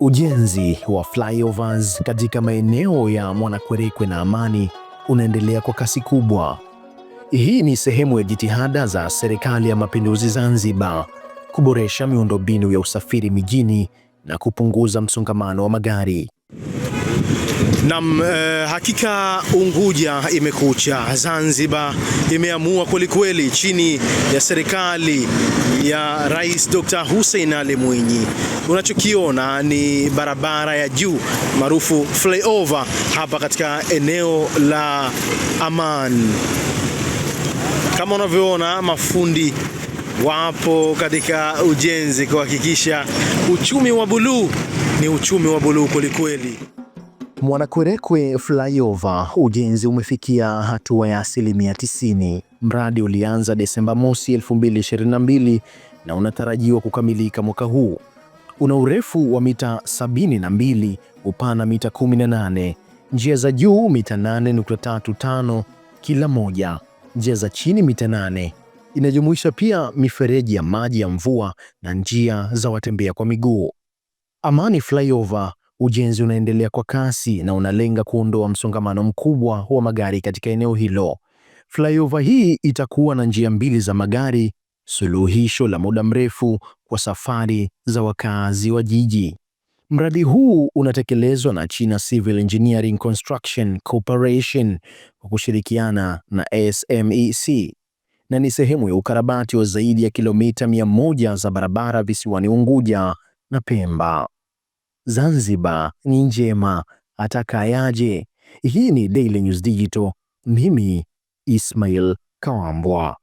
Ujenzi wa flyovers katika maeneo ya Mwanakwerekwe na Amani unaendelea kwa kasi kubwa. Hii ni sehemu ya jitihada za Serikali ya Mapinduzi Zanzibar kuboresha miundombinu ya usafiri mijini na kupunguza msongamano wa magari nam eh, hakika Unguja imekucha, Zanzibar imeamua kwelikweli chini ya serikali ya Rais Dr. Hussein Ali Mwinyi. Unachokiona ni barabara ya juu maarufu flyover hapa katika eneo la aman Kama unavyoona mafundi wapo katika ujenzi kuhakikisha uchumi wa buluu ni uchumi wa buluu kwelikweli. Mwanakwerekwe Flyover ujenzi umefikia hatua ya asilimia 90. Mradi ulianza Desemba mosi 2022 na unatarajiwa kukamilika mwaka huu. Una urefu wa mita 72, upana mita 18, njia za juu mita 8.35 kila moja, njia za chini mita 8. Inajumuisha pia mifereji ya maji ya mvua na njia za watembea kwa miguu. Amani Flyover Ujenzi unaendelea kwa kasi na unalenga kuondoa msongamano mkubwa wa magari katika eneo hilo. Flyover hii itakuwa na njia mbili za magari, suluhisho la muda mrefu kwa safari za wakazi wa jiji. Mradi huu unatekelezwa na China Civil Engineering Construction Corporation kwa kushirikiana na SMEC na ni sehemu ya ukarabati wa zaidi ya kilomita 100 za barabara visiwani Unguja na Pemba. Zanzibar ni njema atakayaje. Hii ni Daily News Digital, mimi Ismail Kawambwa.